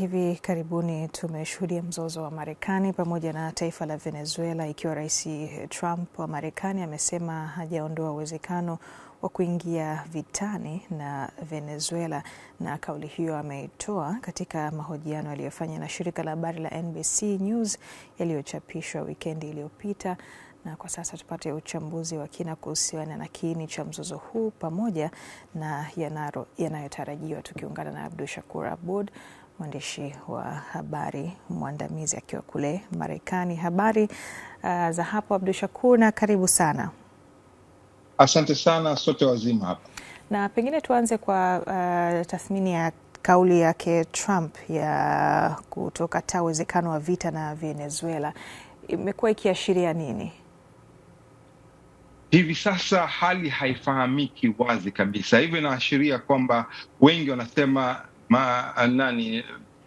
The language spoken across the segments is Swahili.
hivi karibuni tumeshuhudia mzozo wa Marekani pamoja na taifa la Venezuela, ikiwa Rais Trump wa Marekani amesema hajaondoa uwezekano wa kuingia vitani na Venezuela, na kauli hiyo ameitoa katika mahojiano aliyofanya na shirika la habari la NBC News yaliyochapishwa wikendi iliyopita. Na kwa sasa tupate uchambuzi wa kina kuhusiana na kiini cha mzozo huu pamoja na yanayotarajiwa, tukiungana na Abdu Shakur Abud mwandishi wa habari mwandamizi akiwa kule Marekani. Habari uh, za hapo Abdu Shakur, na karibu sana. Asante sana, sote wazima hapa, na pengine tuanze kwa uh, tathmini ya kauli yake Trump ya kutokataa uwezekano wa vita na Venezuela imekuwa ikiashiria nini? Hivi sasa hali haifahamiki wazi kabisa, hivyo inaashiria kwamba wengi wanasema ma, ah, nani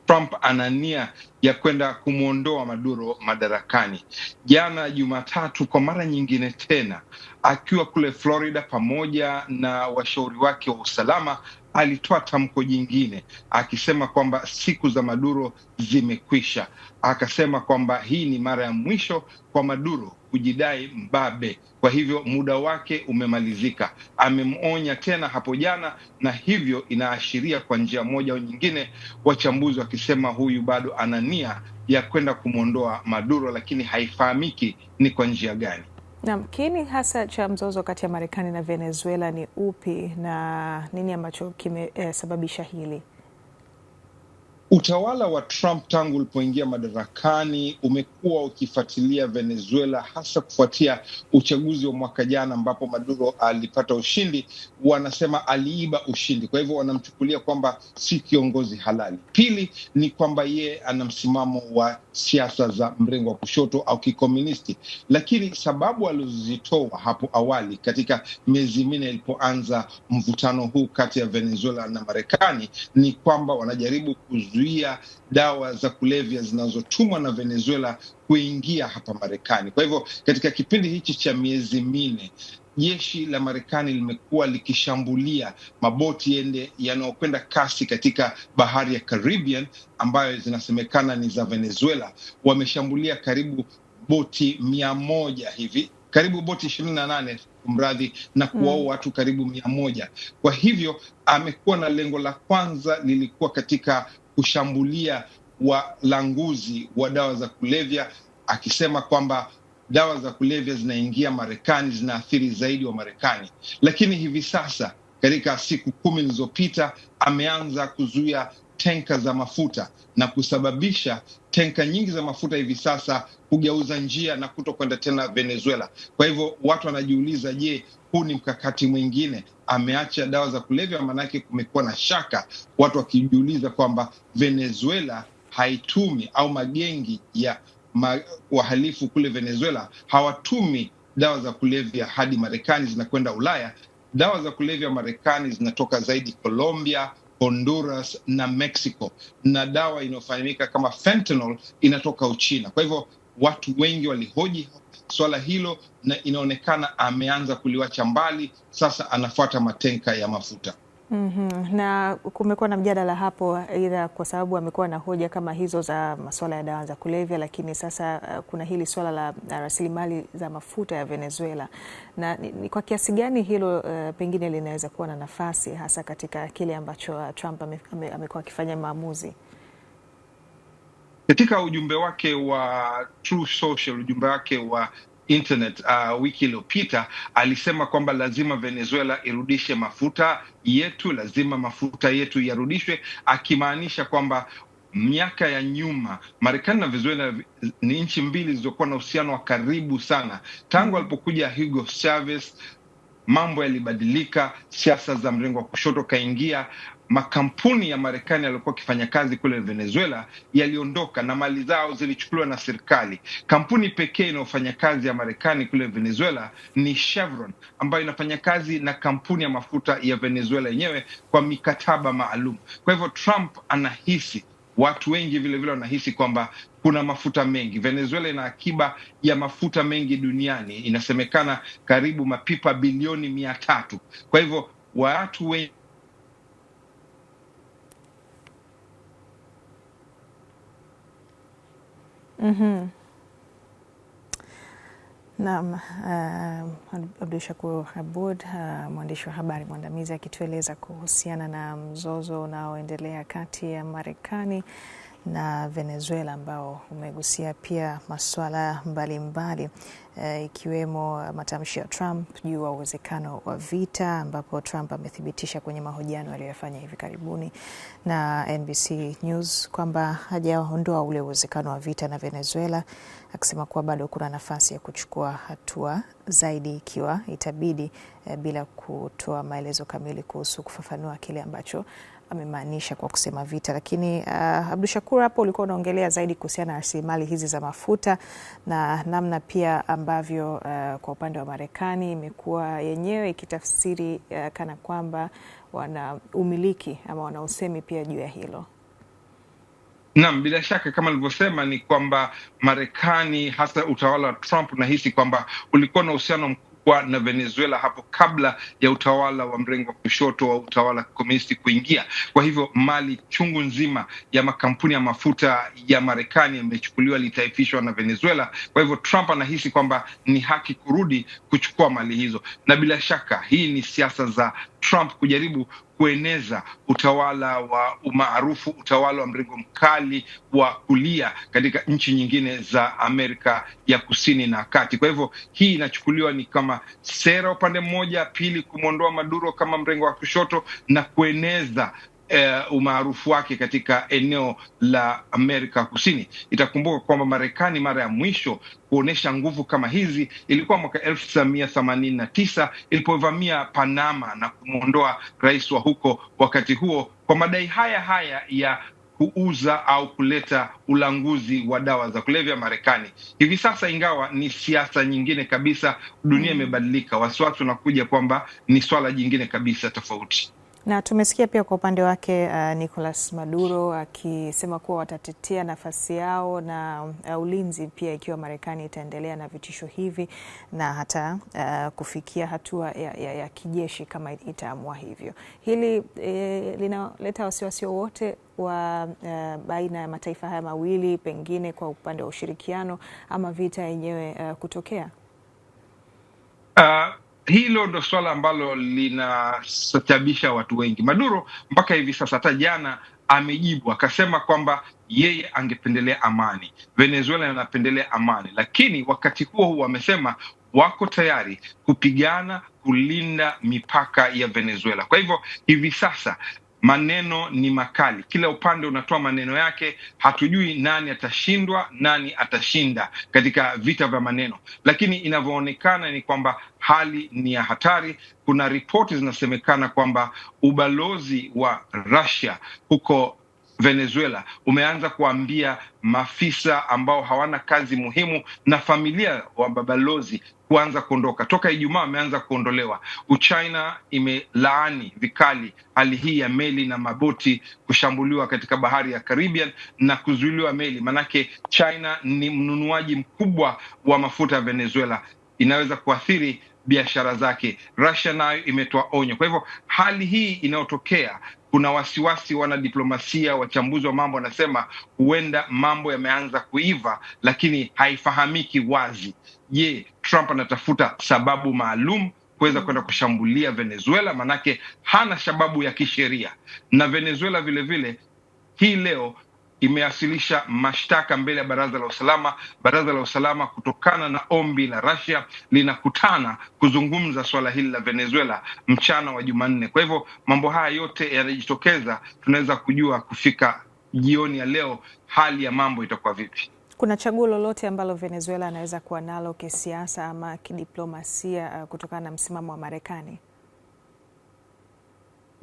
Trump ana nia ya kwenda kumwondoa Maduro madarakani. Jana Jumatatu, kwa mara nyingine tena, akiwa kule Florida pamoja na washauri wake wa usalama, alitoa tamko jingine akisema kwamba siku za Maduro zimekwisha. Akasema kwamba hii ni mara ya mwisho kwa Maduro kujidai mbabe. Kwa hivyo muda wake umemalizika. amemonya tena hapo jana, na hivyo inaashiria kwa njia moja au nyingine, wachambuzi wakisema huyu bado ana nia ya kwenda kumwondoa Maduro, lakini haifahamiki ni kwa njia gani. Naam, kiini hasa cha mzozo kati ya Marekani na Venezuela ni upi na nini ambacho kimesababisha eh, hili? Utawala wa Trump tangu ulipoingia madarakani umekuwa ukifuatilia Venezuela, hasa kufuatia uchaguzi wa mwaka jana ambapo Maduro alipata ushindi. Wanasema aliiba ushindi, kwa hivyo wanamchukulia kwamba si kiongozi halali. Pili ni kwamba yeye ana msimamo wa siasa za mrengo wa kushoto au kikomunisti, lakini sababu alizozitoa hapo awali katika miezi minne ilipoanza mvutano huu kati ya Venezuela na Marekani ni kwamba wanajaribu kuzuia dawa za kulevya zinazotumwa na Venezuela kuingia hapa Marekani. Kwa hivyo katika kipindi hichi cha miezi minne jeshi la Marekani limekuwa likishambulia maboti yende yanayokwenda kasi katika bahari ya Caribbean ambayo zinasemekana ni za Venezuela. Wameshambulia karibu boti mia moja hivi karibu boti ishirini na nane mradhi na kuwaua mm, watu karibu mia moja. Kwa hivyo amekuwa na lengo la kwanza lilikuwa katika kushambulia walanguzi wa dawa za kulevya, akisema kwamba dawa za kulevya zinaingia Marekani, zinaathiri zaidi wa Marekani. Lakini hivi sasa katika siku kumi zilizopita ameanza kuzuia tenka za mafuta na kusababisha tenka nyingi za mafuta hivi sasa kugeuza njia na kuto kwenda tena Venezuela. Kwa hivyo watu wanajiuliza, je, huu ni mkakati mwingine? Ameacha dawa za kulevya, maanake kumekuwa na shaka, watu wakijiuliza kwamba Venezuela haitumi au magengi ya wahalifu kule Venezuela hawatumi dawa za kulevya hadi Marekani, zinakwenda Ulaya. Dawa za kulevya Marekani zinatoka zaidi Colombia, Honduras na Mexico, na dawa inayofahamika kama fentanyl inatoka Uchina. Kwa hivyo watu wengi walihoji swala hilo, na inaonekana ameanza kuliwacha mbali, sasa anafuata matenka ya mafuta. Mm -hmm. Na kumekuwa na mjadala hapo, aidha kwa sababu amekuwa na hoja kama hizo za masuala ya dawa za kulevya, lakini sasa eh, kuna hili swala la rasilimali za mafuta ya Venezuela, na ni, ni kwa kiasi gani hilo uh, pengine linaweza kuwa na nafasi hasa katika kile ambacho uh, Trump amekuwa ame, ame akifanya maamuzi katika ujumbe wake wa True Social, ujumbe wake wa internet uh, wiki iliyopita alisema kwamba lazima Venezuela irudishe mafuta yetu, lazima mafuta yetu yarudishwe, akimaanisha kwamba miaka ya nyuma Marekani na Venezuela ni nchi mbili zilizokuwa na uhusiano wa karibu sana. Tangu alipokuja Hugo Chavez mambo yalibadilika, siasa za mrengo wa kushoto kaingia, makampuni ya Marekani yaliyokuwa akifanya kazi kule Venezuela yaliondoka na mali zao zilichukuliwa na serikali. Kampuni pekee inayofanya kazi ya Marekani kule Venezuela ni Chevron ambayo inafanya kazi na kampuni ya mafuta ya Venezuela yenyewe kwa mikataba maalum. Kwa hivyo Trump anahisi watu wengi vilevile wanahisi vile kwamba kuna mafuta mengi. Venezuela ina akiba ya mafuta mengi duniani, inasemekana karibu mapipa bilioni mia tatu. Kwa hivyo watu wengi Mm-hmm. Naam, uh, Shakur Abud uh, mwandishi wa habari mwandamizi akitueleza kuhusiana na mzozo unaoendelea kati ya Marekani na Venezuela ambao umegusia pia masuala mbalimbali e, ikiwemo matamshi ya Trump juu ya uwezekano wa vita, ambapo Trump amethibitisha kwenye mahojiano aliyoyafanya hivi karibuni na NBC News kwamba hajaondoa ule uwezekano wa vita na Venezuela akisema kuwa bado kuna nafasi ya kuchukua hatua zaidi ikiwa itabidi, eh, bila kutoa maelezo kamili kuhusu kufafanua kile ambacho amemaanisha kwa kusema vita. Lakini uh, Abdu Shakur, hapo ulikuwa unaongelea zaidi kuhusiana na rasilimali hizi za mafuta na namna pia ambavyo uh, kwa upande wa Marekani imekuwa yenyewe ikitafsiri uh, kana kwamba wana umiliki ama wana usemi pia juu ya hilo. Naam, bila shaka kama alivyosema ni kwamba Marekani hasa utawala wa Trump unahisi kwamba ulikuwa na uhusiano mkubwa na Venezuela hapo kabla ya utawala wa mrengo wa kushoto wa utawala wa kikomunisti kuingia. Kwa hivyo mali chungu nzima ya makampuni ya mafuta ya Marekani yamechukuliwa, litaifishwa na Venezuela. Kwa hivyo Trump anahisi kwamba ni haki kurudi kuchukua mali hizo, na bila shaka hii ni siasa za Trump kujaribu kueneza utawala wa umaarufu, utawala wa mrengo mkali wa kulia katika nchi nyingine za Amerika ya kusini na kati. Kwa hivyo hii inachukuliwa ni kama sera upande mmoja, pili kumwondoa Maduro kama mrengo wa kushoto na kueneza eh, umaarufu wake katika eneo la Amerika Kusini. Itakumbuka kwamba Marekani mara ya mwisho kuonyesha nguvu kama hizi ilikuwa mwaka elfu tisa mia themanini na tisa ilipovamia Panama na kumwondoa rais wa huko wakati huo kwa madai haya haya ya kuuza au kuleta ulanguzi wa dawa za kulevya Marekani. Hivi sasa, ingawa ni siasa nyingine kabisa, dunia imebadilika. Wasiwasi unakuja kwamba ni swala jingine kabisa tofauti. Na tumesikia pia kwa upande wake uh, Nicolas Maduro akisema kuwa watatetea nafasi yao na uh, ulinzi pia ikiwa Marekani itaendelea na vitisho hivi na hata uh, kufikia hatua ya, ya, ya kijeshi kama itaamua hivyo. Hili eh, linaleta wasiwasi wowote wa uh, baina ya mataifa haya mawili pengine kwa upande wa ushirikiano ama vita yenyewe uh, kutokea? Uh, hilo ndo swala ambalo linastajabisha watu wengi. Maduro mpaka hivi sasa, hata jana amejibu akasema kwamba yeye angependelea amani, Venezuela anapendelea amani, lakini wakati huo huo amesema wako tayari kupigana kulinda mipaka ya Venezuela. Kwa hivyo hivi sasa maneno ni makali, kila upande unatoa maneno yake. Hatujui nani atashindwa, nani atashinda katika vita vya maneno, lakini inavyoonekana ni kwamba hali ni ya hatari. Kuna ripoti zinasemekana kwamba ubalozi wa Russia huko Venezuela, umeanza kuambia maafisa ambao hawana kazi muhimu na familia wa mabalozi kuanza kuondoka. Toka Ijumaa wameanza kuondolewa. Uchina imelaani vikali hali hii ya meli na maboti kushambuliwa katika bahari ya Caribbean na kuzuiliwa meli, manake China ni mnunuaji mkubwa wa mafuta ya Venezuela, inaweza kuathiri biashara zake. Russia nayo imetoa onyo. Kwa hivyo hali hii inayotokea kuna wasiwasi, wanadiplomasia, wachambuzi wa mambo wanasema huenda mambo yameanza kuiva, lakini haifahamiki wazi. Je, Trump anatafuta sababu maalum kuweza kwenda kushambulia Venezuela? Maanake hana sababu ya kisheria na Venezuela vilevile vile, hii leo imewasilisha mashtaka mbele ya baraza la usalama. Baraza la usalama kutokana na ombi la Russia linakutana kuzungumza swala hili la Venezuela mchana wa Jumanne. Kwa hivyo mambo haya yote yanajitokeza, tunaweza kujua kufika jioni ya leo hali ya mambo itakuwa vipi. Kuna chaguo lolote ambalo Venezuela anaweza kuwa nalo kisiasa ama kidiplomasia, uh, kutokana na msimamo wa Marekani?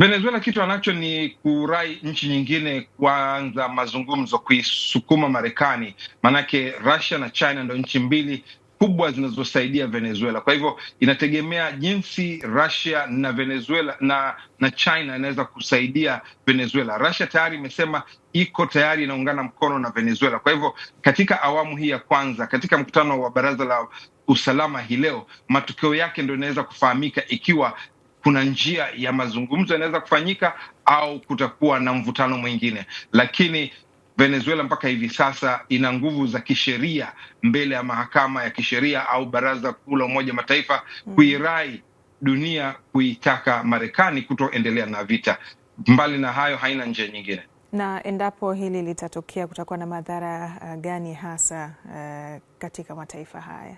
Venezuela kitu anacho ni kurai nchi nyingine kuanza mazungumzo, kuisukuma Marekani, maanake Russia na China ndo nchi mbili kubwa zinazosaidia Venezuela. Kwa hivyo inategemea jinsi Russia na Venezuela na na China inaweza kusaidia Venezuela. Russia tayari imesema iko tayari inaungana mkono na Venezuela. Kwa hivyo katika awamu hii ya kwanza, katika mkutano wa baraza la usalama hii leo, matokeo yake ndo inaweza kufahamika ikiwa kuna njia ya mazungumzo yanaweza kufanyika au kutakuwa na mvutano mwingine, lakini Venezuela mpaka hivi sasa ina nguvu za kisheria mbele ya mahakama ya kisheria au baraza kuu la Umoja Mataifa mm. kuirai dunia kuitaka Marekani kutoendelea na vita. Mbali na hayo, haina njia nyingine. Na endapo hili litatokea, kutakuwa na madhara uh, gani hasa uh, katika mataifa haya?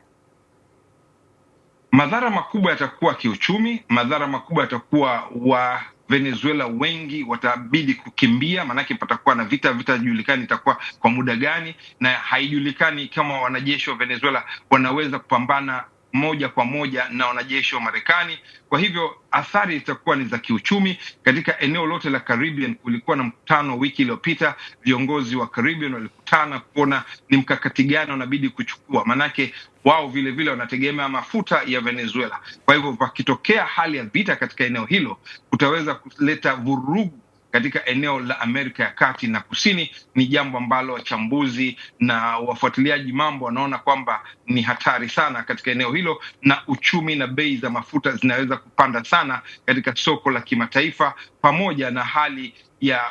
madhara makubwa yatakuwa kiuchumi, madhara makubwa yatakuwa wa Venezuela wengi watabidi kukimbia, maanake patakuwa na vita. Vita haijulikani itakuwa kwa muda gani, na haijulikani kama wanajeshi wa Venezuela wanaweza kupambana moja kwa moja na wanajeshi wa Marekani. Kwa hivyo athari zitakuwa ni za kiuchumi katika eneo lote la Caribbean. Kulikuwa na mkutano wiki iliyopita, viongozi wa Caribbean walikutana kuona ni mkakati gani wanabidi kuchukua, maanake wao vile vile wanategemea mafuta ya Venezuela. Kwa hivyo pakitokea hali ya vita katika eneo hilo, kutaweza kuleta vurugu katika eneo la Amerika ya Kati na Kusini ni jambo ambalo wachambuzi na wafuatiliaji mambo wanaona kwamba ni hatari sana katika eneo hilo, na uchumi na bei za mafuta zinaweza kupanda sana katika soko la kimataifa, pamoja na hali ya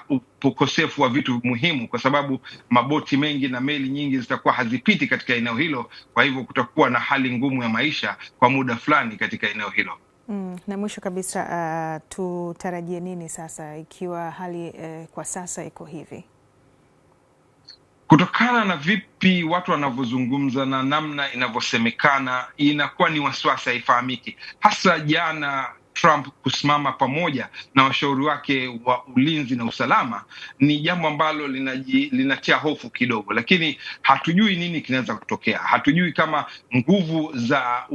ukosefu wa vitu muhimu, kwa sababu maboti mengi na meli nyingi zitakuwa hazipiti katika eneo hilo. Kwa hivyo kutakuwa na hali ngumu ya maisha kwa muda fulani katika eneo hilo. Mm, na mwisho kabisa uh, tutarajie nini sasa ikiwa hali uh, kwa sasa iko hivi? Kutokana na vipi watu wanavyozungumza na namna inavyosemekana, inakuwa ni wasiwasi, haifahamiki. Hasa jana Trump kusimama pamoja na washauri wake wa ulinzi na usalama ni jambo ambalo linaji, linatia hofu kidogo, lakini hatujui nini kinaweza kutokea. Hatujui kama nguvu za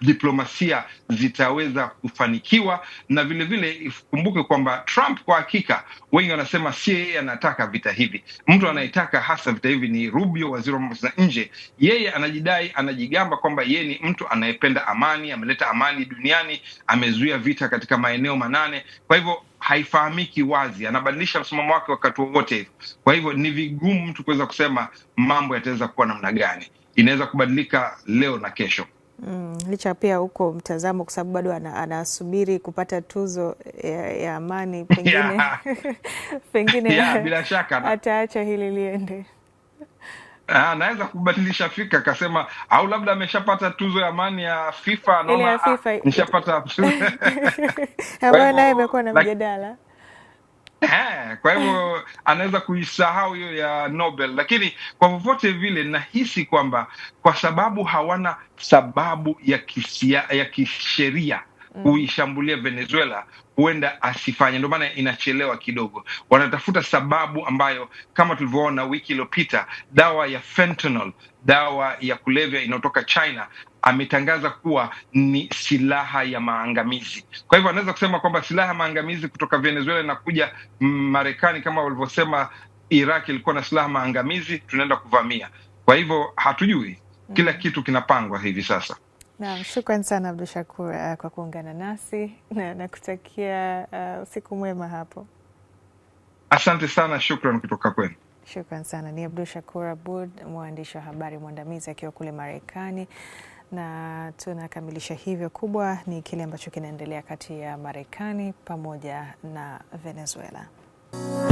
diplomasia zitaweza kufanikiwa, na vilevile ikumbuke kwamba Trump kwa hakika, wengi wanasema si yeye anataka vita hivi. Mtu anayetaka hasa vita hivi ni Rubio, waziri wa mambo za nje. Yeye anajidai anajigamba kwamba yeye ni mtu anayependa amani, ameleta amani duniani, amezuia vita katika maeneo manane. Kwa hivyo haifahamiki wazi, anabadilisha msimamo wake wakati wowote hivyo. Kwa hivyo ni vigumu mtu kuweza kusema mambo yataweza kuwa namna gani, inaweza kubadilika leo na kesho. Mm, licha pia huko mtazamo kwa sababu bado anasubiri ana kupata tuzo ya, ya amani pengine pengine yeah, bila shaka ataacha hili liende anaweza ah, kubadilisha fika akasema, au labda ameshapata tuzo ya amani ya FIFA, naona ah, nishapata tuzo ambayo naye imekuwa na mjadala Eh, kwa hivyo anaweza kuisahau hiyo ya Nobel, lakini kwa vyovyote vile nahisi kwamba kwa sababu hawana sababu ya kisia, ya kisheria Mm. kuishambulia Venezuela huenda asifanye, ndio maana inachelewa kidogo. Wanatafuta sababu ambayo, kama tulivyoona wiki iliyopita, dawa ya fentanyl, dawa ya kulevya inayotoka China ametangaza kuwa ni silaha ya maangamizi. Kwa hivyo anaweza kusema kwamba silaha ya maangamizi kutoka Venezuela inakuja Marekani, kama walivyosema Iraq ilikuwa na silaha maangamizi, tunaenda kuvamia. Kwa hivyo hatujui, mm. kila kitu kinapangwa hivi sasa. Naam, shukran sana Abdu Shakur uh, eh, kwa kuungana nasi na nakutakia eh, usiku uh, mwema hapo. Asante sana, shukran kutoka kwenu. Shukran sana. Ni Abdu Shakur Abud, mwandishi wa habari mwandamizi akiwa kule Marekani, na tunakamilisha hivyo. Kubwa ni kile ambacho kinaendelea kati ya Marekani pamoja na Venezuela.